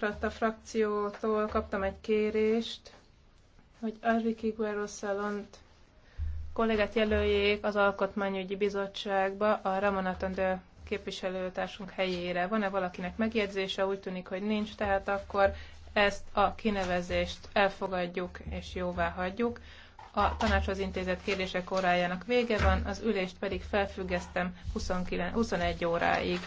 demokrata frakciótól kaptam egy kérést, hogy Arviki Guerrero kollégát jelöljék az Alkotmányügyi Bizottságba a Ramonatandő képviselőtársunk helyére. Van-e valakinek megjegyzése? Úgy tűnik, hogy nincs, tehát akkor ezt a kinevezést elfogadjuk és jóvá hagyjuk. A tanácshoz intézett kérdések órájának vége van, az ülést pedig felfüggesztem 29, 21 óráig.